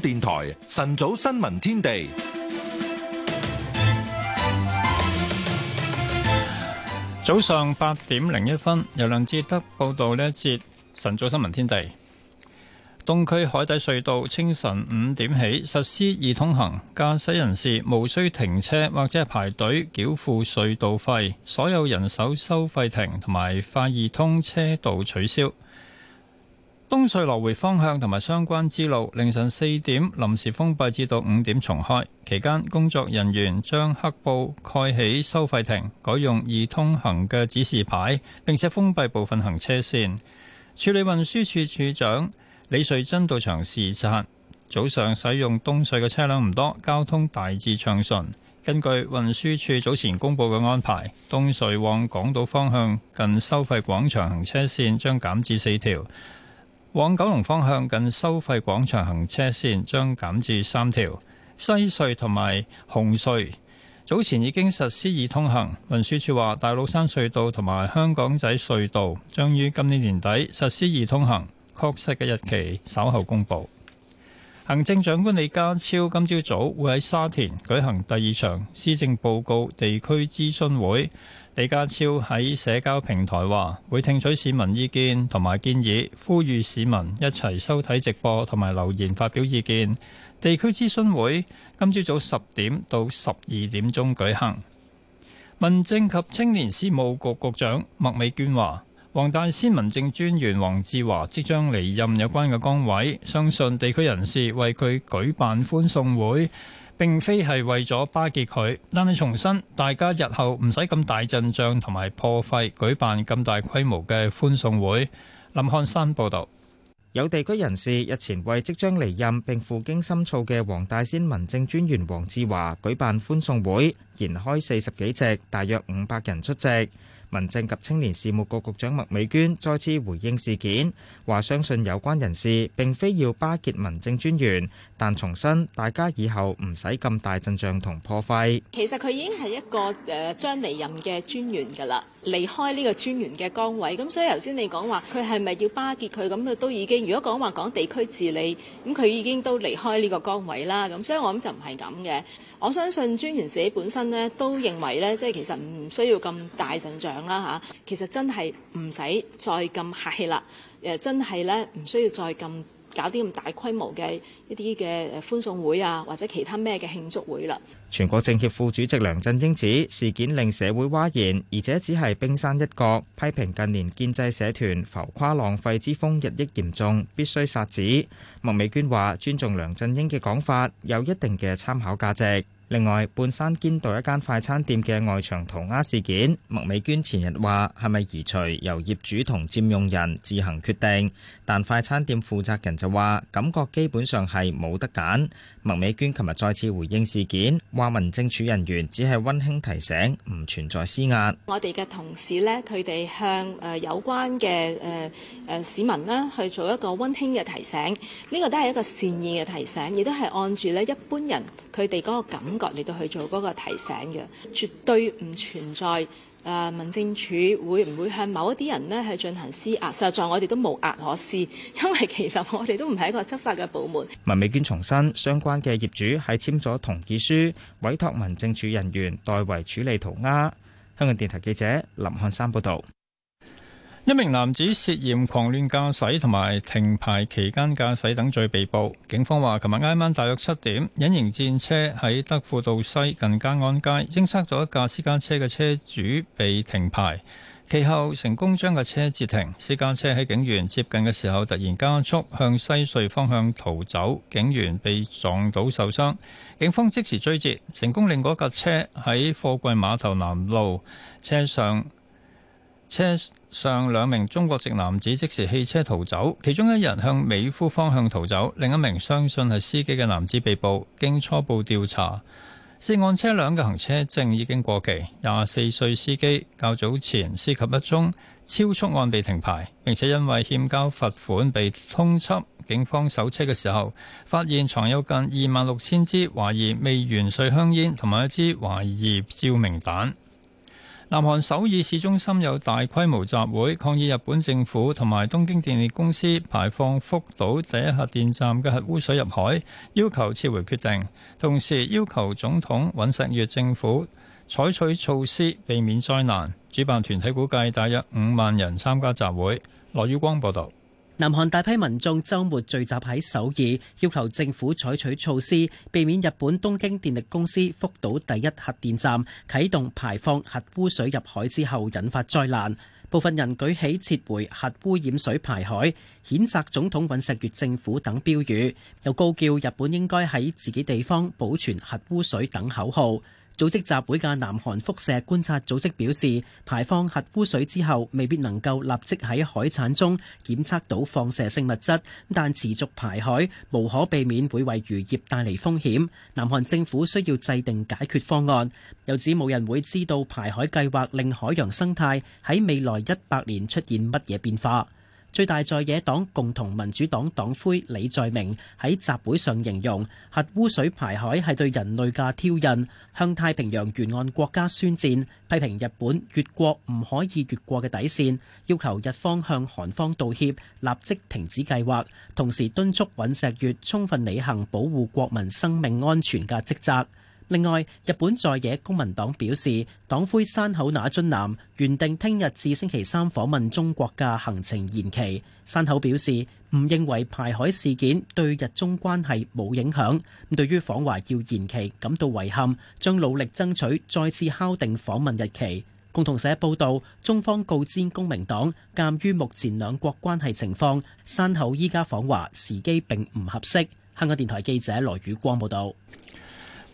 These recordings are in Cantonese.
電台晨早新聞天地，早上八點零一分由梁志德報道呢一節晨早新聞天地。東區海底隧道清晨五點起實施易通行，駕駛人士無需停車或者係排隊繳付隧道費，所有人手收費亭同埋快易通車道取消。東隧來回方向同埋相關之路，凌晨四點臨時封閉，至到五點重開期間，工作人員將黑布蓋起收費亭，改用易通行嘅指示牌，並且封閉部分行車線。處理運輸處處長李瑞珍到場視察。早上使用東隧嘅車輛唔多，交通大致暢順。根據運輸處早前公布嘅安排，東隧往港島方向近收費廣場行車線將減至四條。往九龍方向近收費廣場行車線將減至三條，西隧同埋紅隧早前已經實施易通行。運輸署話，大嶼山隧道同埋香港仔隧道將於今年年底實施易通行，確實嘅日期稍後公佈。行政長官李家超今朝早會喺沙田舉行第二場施政報告地區諮詢會。李家超喺社交平台話會聽取市民意見同埋建議，呼籲市民一齊收睇直播同埋留言發表意見。地區諮詢會今朝早十點到十二點鐘舉行。民政及青年事務局局局長麥美娟話。黃大仙民政專員黃志華即將離任有關嘅崗位，相信地區人士為佢舉辦歡送會，並非係為咗巴結佢，但係重申大家日後唔使咁大陣仗同埋破費舉辦咁大規模嘅歡送會。林漢山報道，有地區人士日前為即將離任並赴京深造嘅黃大仙民政專員黃志華舉辦歡送會，筵開四十幾席，大約五百人出席。民政及青年事務局局長麥美娟再次回應事件，話相信有關人士並非要巴結民政專員，但重申大家以後唔使咁大陣仗同破費。其實佢已經係一個誒將離任嘅專員㗎喇。離開呢個專員嘅崗位，咁所以頭先你講話佢係咪要巴結佢，咁佢都已經，如果講話講地區治理，咁佢已經都離開呢個崗位啦。咁所以我諗就唔係咁嘅。我相信專員自己本身咧都認為咧，即係其實唔需要咁大陣仗啦吓，其實真係唔使再咁客氣啦，誒真係咧唔需要再咁。搞啲咁大規模嘅一啲嘅歡送會啊，或者其他咩嘅慶祝會啦。全國政協副主席梁振英指事件令社會嘩然，而且只係冰山一角，批評近年建制社團浮誇浪費之風日益嚴重，必須殺止。麥美娟話尊重梁振英嘅講法，有一定嘅參考價值。另外，半山堅道一間快餐店嘅外牆塗鴉事件，麥美娟前日話係咪移除由業主同佔用人自行決定，但快餐店負責人就話感覺基本上係冇得揀。麥美娟琴日再次回應事件，話民政署人員只係溫馨提醒，唔存在施壓。我哋嘅同事咧，佢哋向誒有關嘅誒誒市民啦去做一個溫馨嘅提醒，呢個都係一個善意嘅提醒，亦都係按住咧一般人佢哋嗰個感。各你都去做嗰個提醒嘅，絕對唔存在誒、呃、民政處會唔會向某一啲人咧去進行施壓，實在我哋都無壓可施，因為其實我哋都唔係一個執法嘅部門。文美娟重申，相關嘅業主係簽咗同意書，委託民政處人員代為處理塗鴉。香港電台記者林漢山報道。一名男子涉嫌狂亂駕駛同埋停牌期間駕駛等罪被捕。警方話，琴日挨晚大約七點，隱形戰車喺德輔道西近嘉安街，偵測咗一架私家車嘅車主被停牌，其後成功將架車截停。私家車喺警員接近嘅時候突然加速向西隧方向逃走，警員被撞倒受傷。警方即時追截，成功令嗰架車喺貨櫃碼頭南路車上車。上兩名中國籍男子即時棄車逃走，其中一人向美孚方向逃走，另一名相信係司機嘅男子被捕。經初步調查，涉案車輛嘅行車證已經過期。廿四歲司機較早前涉及一宗超速案被停牌，並且因為欠交罰款被通緝。警方搜車嘅時候，發現藏有近二萬六千支懷疑未完稅香煙同埋一支懷疑照明彈。南韓首爾市中心有大規模集會，抗議日本政府同埋東京電力公司排放福島第一核電站嘅核污水入海，要求撤回決定，同時要求總統尹錫悅政府採取措施避免災難。主辦團體估計大約五萬人參加集會。羅宇光報道。南韓大批民眾週末聚集喺首爾，要求政府採取措施，避免日本東京電力公司福島第一核電站啟動排放核污水入海之後引發災難。部分人舉起撤回核污染水排海、譴責總統尹錫悅政府等標語，又高叫日本應該喺自己地方保存核污水等口號。組織集會嘅南韓輻射觀察組織表示，排放核污水之後，未必能夠立即喺海產中檢測到放射性物質，但持續排海無可避免會為漁業帶嚟風險。南韓政府需要制定解決方案，又指冇人會知道排海計劃令海洋生態喺未來一百年出現乜嘢變化。最大在野黨共同民主黨黨魁李在明喺集會上形容，核污水排海係對人類嘅挑釁，向太平洋沿岸國家宣戰，批評日本越過唔可以越過嘅底線，要求日方向韓方道歉，立即停止計劃，同時敦促尹錫悅充分履行保護國民生命安全嘅職責。另外，日本在野公民黨表示，黨魁山口那津男原定聽日至星期三訪問中國嘅行程延期。山口表示，唔認為排海事件對日中關係冇影響，對於訪華要延期感到遺憾，將努力爭取再次敲定訪問日期。共同社報道，中方告知公民黨鑒於目前兩國關係情況，山口依家訪華時機並唔合適，香港電台記者羅宇光報道。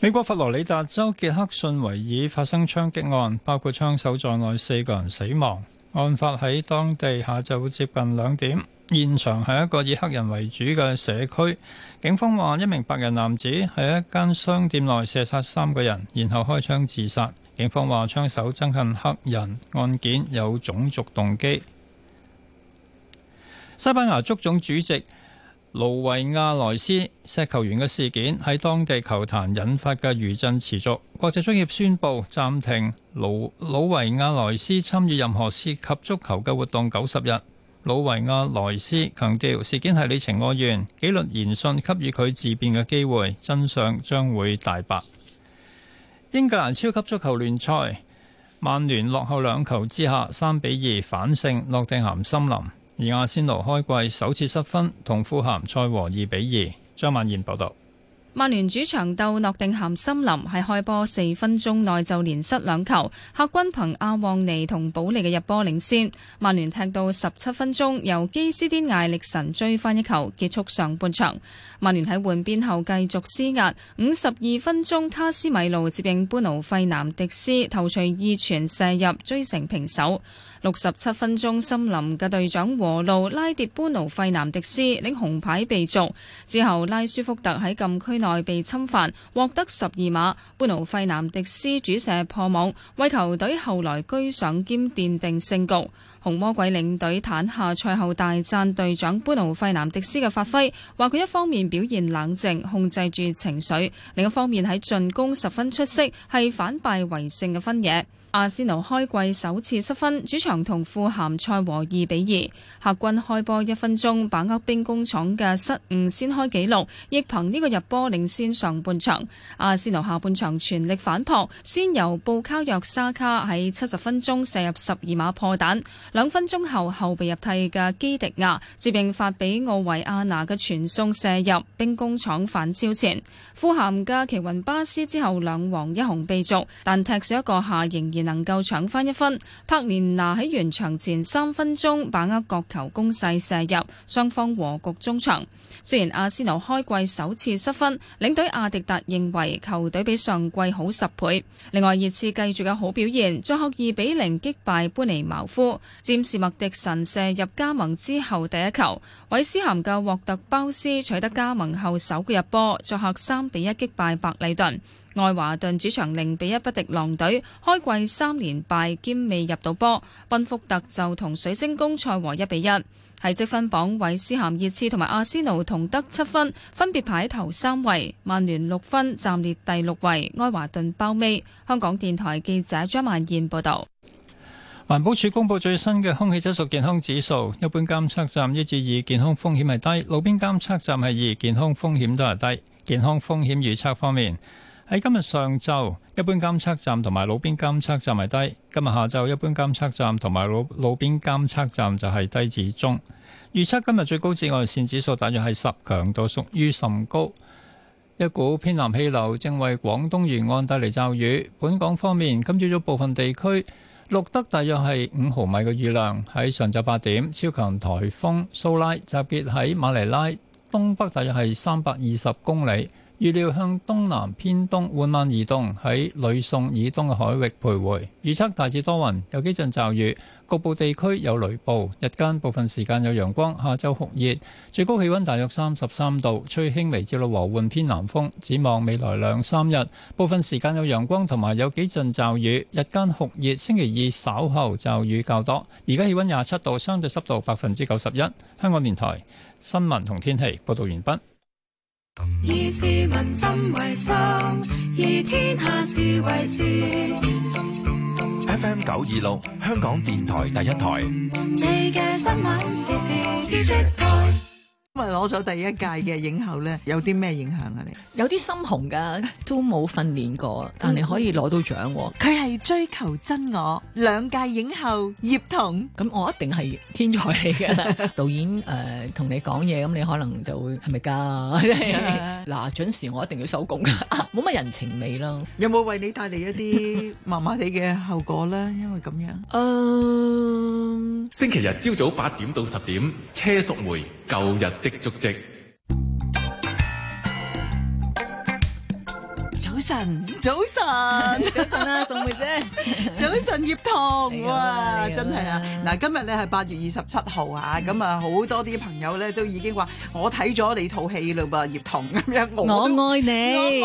美國佛羅里達州傑克遜維爾發生槍擊案，包括槍手在內四個人死亡。案發喺當地下晝接近兩點，現場係一個以黑人為主嘅社區。警方話一名白人男子喺一間商店內射殺三個人，然後開槍自殺。警方話槍手憎恨黑人，案件有種族動機。西班牙足總主席。盧維亞萊斯錫球員嘅事件喺當地球壇引發嘅餘震持續，國際足協宣布暫停魯魯維亞萊斯參與任何涉及足球嘅活動九十日。魯維亞萊斯強調事件係你情我願，紀律聆訊給予佢自辯嘅機會，真相將會大白。英格蘭超級足球聯賽，曼聯落後兩球之下三比二反勝諾定咸森林。而阿仙奴開季首次失分，同富咸賽和二比二。張曼燕報道：曼聯主場鬥諾定咸森林，係開波四分鐘內就連失兩球，客軍憑阿旺尼同保利嘅入波領先。曼聯踢到十七分鐘，由基斯丁艾力神追翻一球，結束上半場。曼聯喺換邊後繼續施壓，五十二分鐘卡斯米路，接應般奴費南迪斯頭槌二傳射入，追成平手。六十七分鐘，森林嘅隊長和路拉跌班奴費南迪斯拎紅牌被逐，之後拉舒福特喺禁區內被侵犯，獲得十二碼，班奴費南迪斯主射破網，為球隊後來居上兼奠定勝局。紅魔鬼領隊坦下賽後大讚隊長班奴費南迪斯嘅發揮，話佢一方面表現冷靜，控制住情緒，另一方面喺進攻十分出色，係反敗為勝嘅分野。阿仙奴開季首次失分，主場同富咸賽和二比二。客軍開波一分鐘，把握兵工廠嘅失誤先開紀錄，亦憑呢個入波領先上半場。阿仙奴下半場全力反撲，先由布卡約沙卡喺七十分鐘射入十二碼破蛋。兩分鐘後，後備入替嘅基迪亞接應發俾奧維亞拿嘅傳送射入，兵工廠反超前。富咸嘅奇雲巴斯之後兩黃一紅被逐，但踢少一個下仍然，能夠搶翻一分，柏連拿喺完場前三分鐘把握角球攻勢射入，雙方和局中場。雖然阿仙奴開季首次失分，領隊阿迪達認為球隊比上季好十倍。另外熱刺繼續嘅好表現，作客二比零擊敗般尼茅夫，占士麥迪臣射入加盟之後第一球。韋斯咸嘅獲特包斯取得加盟後首個入波，作客三比一擊敗白禮頓。愛華頓主場零比一不敵狼隊，開季三連敗兼未入到波。賓福特就同水晶宮賽和一比一，喺積分榜，韋斯咸熱刺同埋阿仙奴同得七分，分別排頭三位。曼聯六分暫列第六位。愛華頓包尾。香港電台記者張曼燕報道。環保署公布最新嘅空氣質素健康指數，一般監測站一至二，健康風險係低；路邊監測站係二，健康風險都係低。健康風險預測方面。喺今日上晝，一般監測站同埋路邊監測站係低。今日下晝，一般監測站同埋路路邊監測站就係低至中。預測今日最高紫外線指數大約係十，強度屬於甚高。一股偏南氣流正為廣東沿岸帶嚟驟雨。本港方面，今朝早部分地區錄得大約係五毫米嘅雨量。喺上晝八點，超強颱風蘇拉集結喺馬尼拉東北，大約係三百二十公里。預料向東南偏東緩慢移動，喺呂宋以東嘅海域徘徊。預測大致多雲，有幾陣驟雨，局部地區有雷暴。日間部分時間有陽光，下晝酷熱，最高氣温大約三十三度，吹輕微至到和緩偏南風。展望未來兩三日，部分時間有陽光同埋有幾陣驟雨，日間酷熱。星期二稍後驟雨較多。而家氣温廿七度，相對濕度百分之九十一。香港電台新聞同天氣報導完畢。以市民心為心，以天下事為事。FM 九二六，香港電台第一台。你嘅新聞，時時知識台。因為攞咗第一屆嘅影后咧，有啲咩影響啊？你有啲心紅噶，都冇訓練過，但你可以攞到獎。佢係追求真我。兩屆影后葉童，咁我一定係天才嚟噶啦。導演誒，同你講嘢，咁你可能就會係咪噶？嗱，準時我一定要收工噶，冇乜人情味啦。有冇為你帶嚟一啲麻麻地嘅後果咧？因為咁樣，嗯，星期日朝早八點到十點，車淑梅舊日的足跡。早晨，早晨，早晨啊，宋妹姐，早晨葉童啊，真係啊，嗱，今日咧係八月二十七號啊，咁啊好多啲朋友咧都已經話我睇咗你套戲嘞噃，葉童咁樣，我我愛你。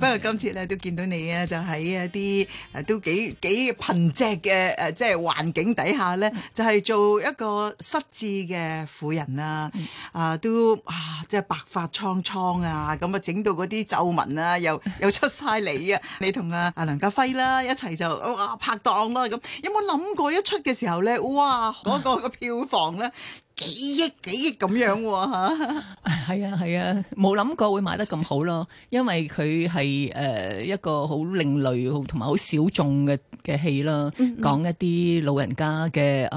不過今次咧都見到你啊，就喺一啲誒都幾幾貧瘠嘅誒，即係環境底下咧，就係做一個失智嘅婦人啦。啊，都啊即係白髮蒼蒼啊，咁啊整到嗰啲皺紋啊，又又出晒嚟啊！你同阿阿梁家輝啦一齊就哇拍檔啦咁，有冇諗過一出嘅時候咧？哇，嗰個嗰個票房咧？幾億幾億咁樣喎，係啊係啊，冇 諗、啊啊、過會買得咁好咯，因為佢係誒一個好另類，同埋好小眾嘅嘅戲啦，講、嗯嗯、一啲老人家嘅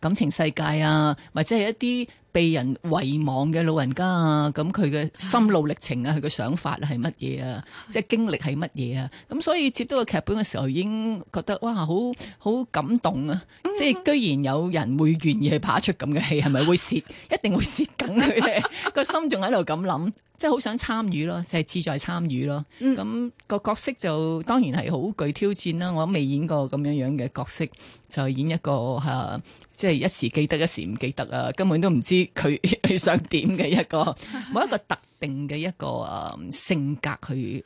感情世界啊，或者係一啲被人遺忘嘅老人家啊，咁佢嘅心路歷程啊，佢嘅想法係乜嘢啊，即係經歷係乜嘢啊，咁所以接到個劇本嘅時候已經覺得哇，好好感動啊！嗯、即係居然有人會願意去拍一出咁嘅戲，係咪會蝕？ 一定會蝕緊佢咧，個心仲喺度咁諗。即係好想參與咯，即係志在參與咯。咁、嗯，那個角色就當然係好具挑戰啦。我未演過咁樣樣嘅角色，就演一個即係、啊就是、一時記得一時唔記得啊，根本都唔知佢佢想點嘅一個冇 一個特定嘅一個、啊、性格去。